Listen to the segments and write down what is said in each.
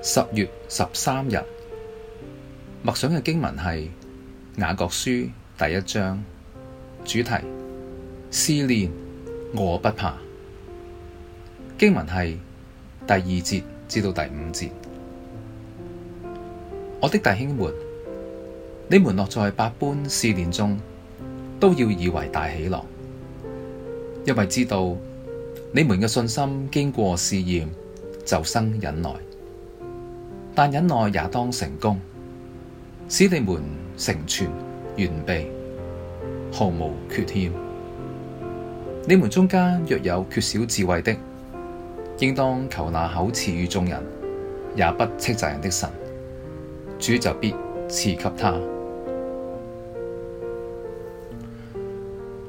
十月十三日默想嘅經文係雅各書第一章，主題試煉，我不怕。經文係第二節至到第五節。我的弟兄們，你們落在百般試煉中，都要以為大喜樂，因為知道你們嘅信心經過試驗，就生忍耐。但忍耐也當成功，使你們成全完備，毫無缺欠。你們中間若有缺少智慧的，應當求那口賜予眾人，也不斥責人的神，主就必賜給他。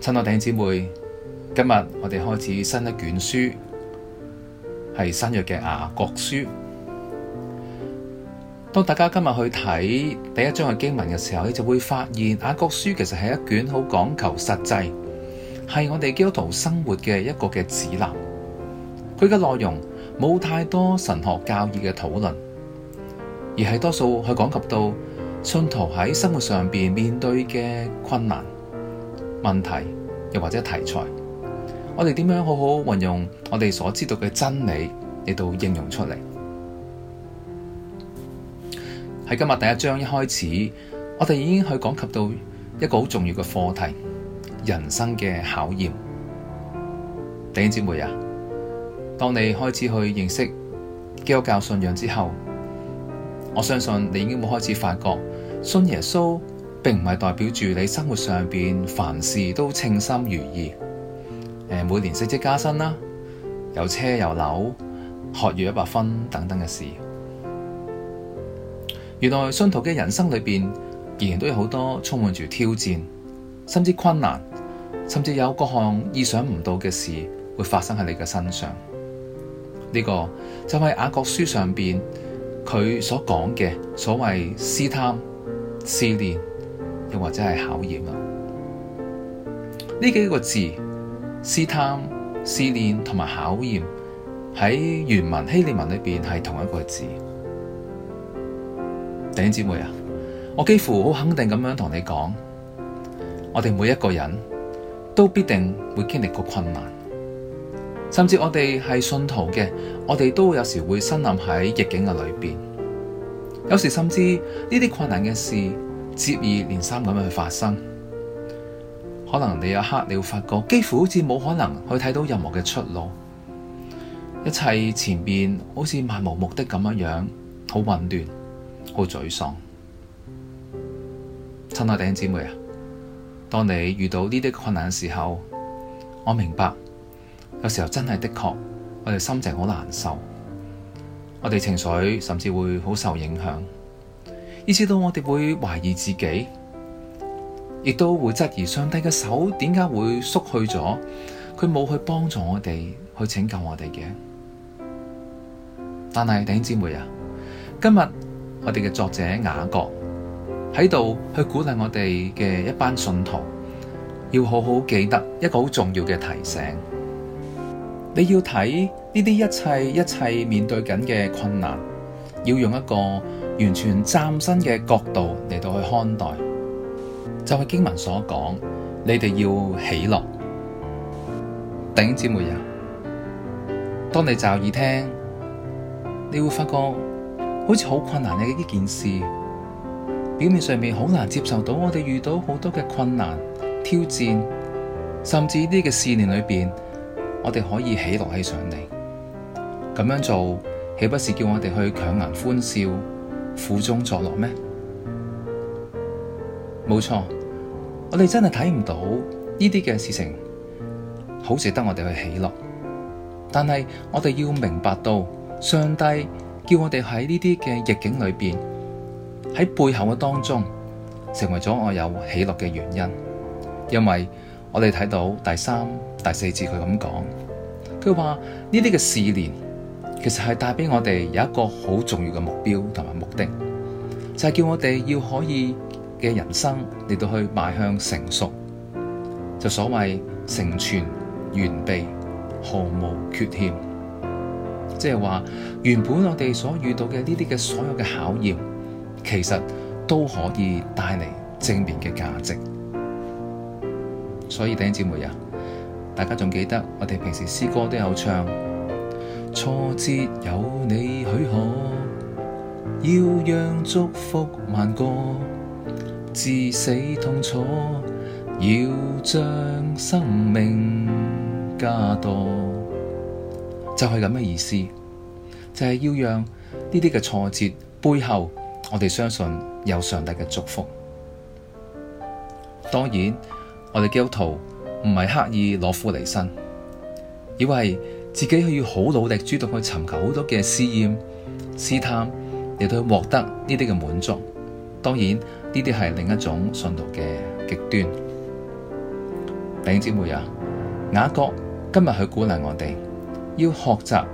親愛弟兄姊妹，今日我哋開始新一卷書，係新約嘅雅各書。當大家今日去睇第一章嘅經文嘅時候，你就會發現《雅各書》其實係一卷好講求實際，係我哋基督徒生活嘅一個嘅指南。佢嘅內容冇太多神學教義嘅討論，而係多數去講及到信徒喺生活上邊面對嘅困難、問題，又或者題材。我哋點樣好好運用我哋所知道嘅真理嚟,到應用出嚟？喺今日第一章一開始，我哋已經去講及到一個好重要嘅課題——人生嘅考驗。弟兄姊妹啊，當你開始去認識基督教信仰之後，我相信你已經會開始發覺，信耶穌並唔係代表住你生活上邊凡事都稱心如意。誒，每年升職加薪啦，有車有樓，學業一百分等等嘅事。原來信徒嘅人生裏邊，仍然都有好多充滿住挑戰，甚至困難，甚至有各項意想不到嘅事會發生喺你嘅身上。呢個就係雅各書上邊佢所講嘅所謂試探、試煉，又或者係考驗啦。呢幾個字，試探、試煉同埋考驗喺原文希利文裏邊係同一個字。弟兄姊妹啊，我幾乎好肯定咁樣同你講，我哋每一個人都必定會經歷過困難，甚至我哋係信徒嘅，我哋都有時會身臨喺逆境嘅裏邊，有時甚至呢啲困難嘅事接二連三咁樣去發生，可能你有刻你會發覺，幾乎好似冇可能去睇到任何嘅出路，一切前邊好似漫無目的咁樣樣，好混亂。好沮喪，親愛弟兄姊妹啊，當你遇到呢啲困難嘅時候，我明白有時候真係的確我哋心情好難受，我哋情緒甚至會好受影響，以至到我哋會懷疑自己，亦都會質疑上帝嘅手點解會縮去咗，佢冇去幫助我哋去拯救我哋嘅。但係弟兄姊妹啊，今日。我哋嘅作者雅各喺度去鼓勵我哋嘅一班信徒，要好好記得一個好重要嘅提醒。你要睇呢啲一切一切面對緊嘅困難，要用一個完全嶄新嘅角度嚟到去看待。就係、是、經文所講，你哋要喜樂。頂姊妹呀，當你就耳聽，你會發覺。好似好困難嘅一件事，表面上面好難接受到，我哋遇到好多嘅困難挑戰，甚至呢啲嘅試煉裏邊，我哋可以喜樂起上嚟，咁樣做，豈不是叫我哋去強顏歡笑、苦中作樂咩？冇錯，我哋真係睇唔到呢啲嘅事情好值得我哋去喜樂，但係我哋要明白到上帝。叫我哋喺呢啲嘅逆境裏邊，喺背後嘅當中，成為咗我有喜樂嘅原因。因為我哋睇到第三、第四節佢咁講，佢話呢啲嘅試煉，其實係帶俾我哋有一個好重要嘅目標同埋目的，就係、是、叫我哋要可以嘅人生嚟到去邁向成熟，就所謂成全完備，毫無缺欠。即係話，原本我哋所遇到嘅呢啲嘅所有嘅考驗，其實都可以帶嚟正面嘅價值。所以弟兄姊妹啊，大家仲記得我哋平時詩歌都有唱，挫折有你許可，要讓祝福萬過，至死痛楚，要將生命加多。就係咁嘅意思，就係、是、要讓呢啲嘅挫折背後，我哋相信有上帝嘅祝福。當然，我哋基督徒唔係刻意攞苦離身，以為自己可以好努力主動去尋求好多嘅試驗試探，嚟到去獲得呢啲嘅滿足。當然呢啲係另一種信徒嘅極端。弟兄姊妹啊，雅各今日去鼓勵我哋。要學習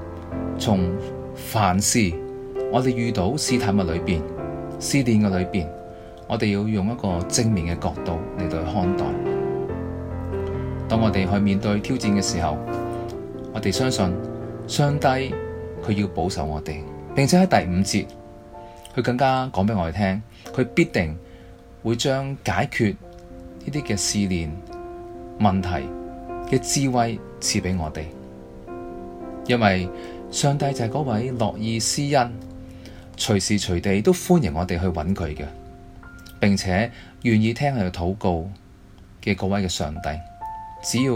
從凡事，我事，事，我哋遇到試探物裏邊、試煉嘅裏邊，我哋要用一個正面嘅角度嚟到去看待。當我哋去面對挑戰嘅時候，我哋相信上帝佢要保守我哋，並且喺第五節，佢更加講俾我哋聽，佢必定會將解決呢啲嘅試煉問題嘅智慧賜俾我哋。因為上帝就係嗰位樂意施恩、隨時隨地都歡迎我哋去揾佢嘅，並且願意聽佢嘅禱告嘅嗰位嘅上帝，只要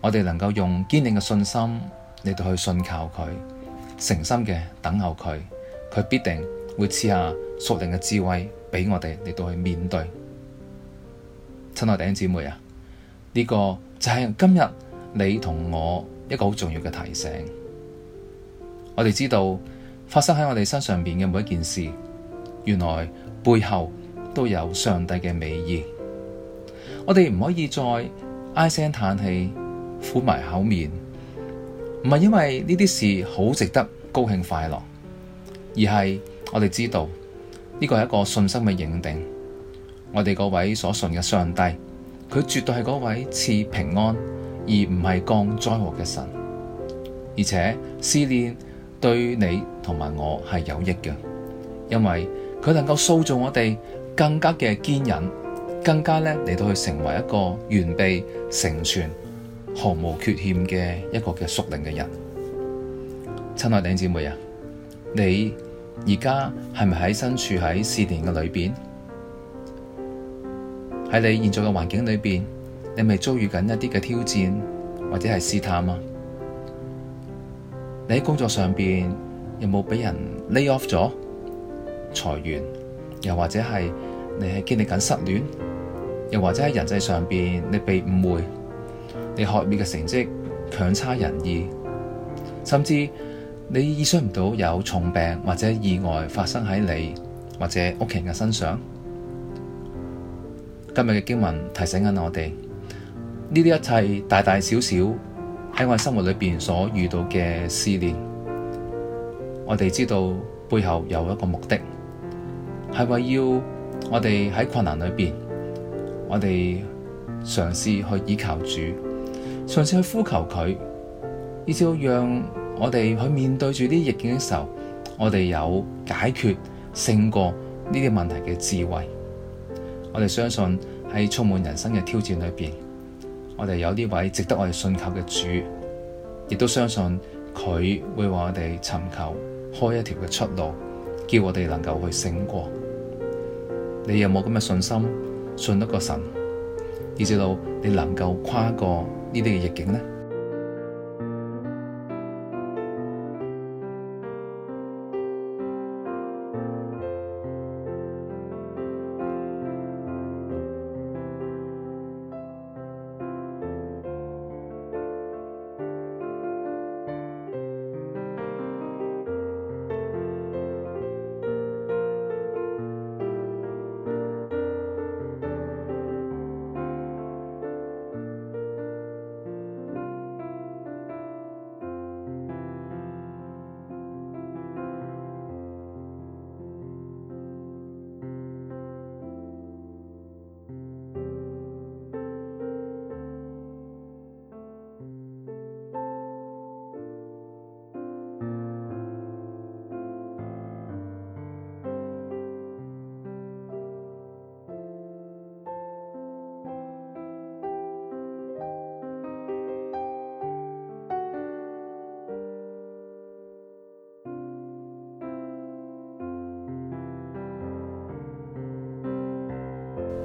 我哋能夠用堅定嘅信心嚟到去信靠佢，誠心嘅等候佢，佢必定會賜下屬靈嘅智慧畀我哋嚟到去面對。親愛弟兄姊妹啊，呢個就係今日你同我一個好重要嘅提醒。我哋知道發生喺我哋身上邊嘅每一件事，原來背後都有上帝嘅美意。我哋唔可以再唉聲嘆氣、苦埋口面，唔係因為呢啲事好值得高興快樂，而係我哋知道呢個係一個信心嘅認定。我哋嗰位所信嘅上帝，佢絕對係嗰位賜平安而唔係降災禍嘅神，而且試煉，對你同埋我係有益嘅，因為佢能夠塑造我哋更加嘅堅忍，更加咧嚟到去成為一個完備成全、毫無缺欠嘅一個嘅屬靈嘅人。親愛嘅弟兄姊妹啊，你而家係咪喺身處喺試煉嘅裏邊？喺你現在嘅環境裏邊，你咪遭遇緊一啲嘅挑戰或者係試探啊？你喺工作上邊有冇俾人 lay off 咗裁員？又或者係你係經歷緊失戀？又或者喺人際上邊你被誤會？你學業嘅成績強差人意？甚至你意想唔到有重病或者意外發生喺你或者屋企人嘅身上？今日嘅經文提醒緊我哋呢啲一切大大小小。喺我哋生活裏邊所遇到嘅試煉，我哋知道背後有一個目的，係為要我哋喺困難裏邊，我哋嘗試去倚靠主，嘗試去呼求佢，以致到讓我哋去面對住啲逆境嘅時候，我哋有解決勝過呢啲問題嘅智慧。我哋相信喺充滿人生嘅挑戰裏邊。我哋有呢位值得我哋信靠嘅主，亦都相信佢會為我哋尋求開一條嘅出路，叫我哋能夠去勝過。你有冇咁嘅信心，信得過神，以至到你能夠跨過呢啲嘅逆境呢？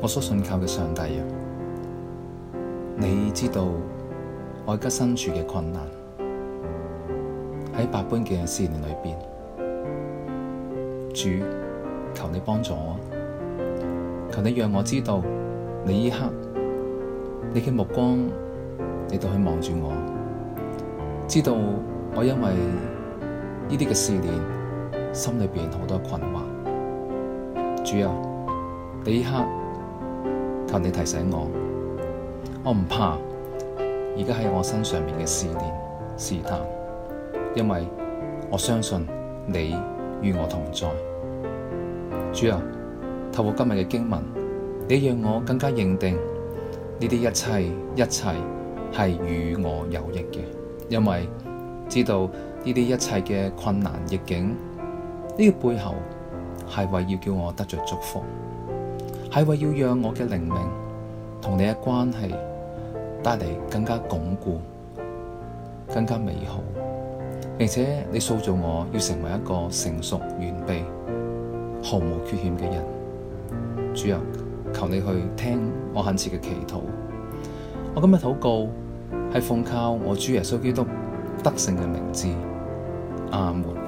我所信靠嘅上帝啊，你知道我而家身處嘅困難喺百般嘅試煉裏邊，主求你幫助我，求你讓我知道你呢刻你嘅目光你到去望住我，知道我因為呢啲嘅試煉心裏邊好多困惑。主啊，你呢刻。求你提醒我，我唔怕而家喺我身上面嘅試煉、試探，因為我相信你與我同在。主啊，透過今日嘅經文，你讓我更加認定呢啲一切、一切係與我有益嘅，因為知道呢啲一切嘅困難逆境，呢、呢個背後係為要叫我得着祝福。係為要讓我嘅靈命同你嘅關係帶嚟更加鞏固、更加美好，並且你塑造我要成為一個成熟完備、毫無缺陷嘅人。主啊，求你去聽我現時嘅祈禱。我今日禱告係奉靠我主耶穌基督得勝嘅名字。阿門。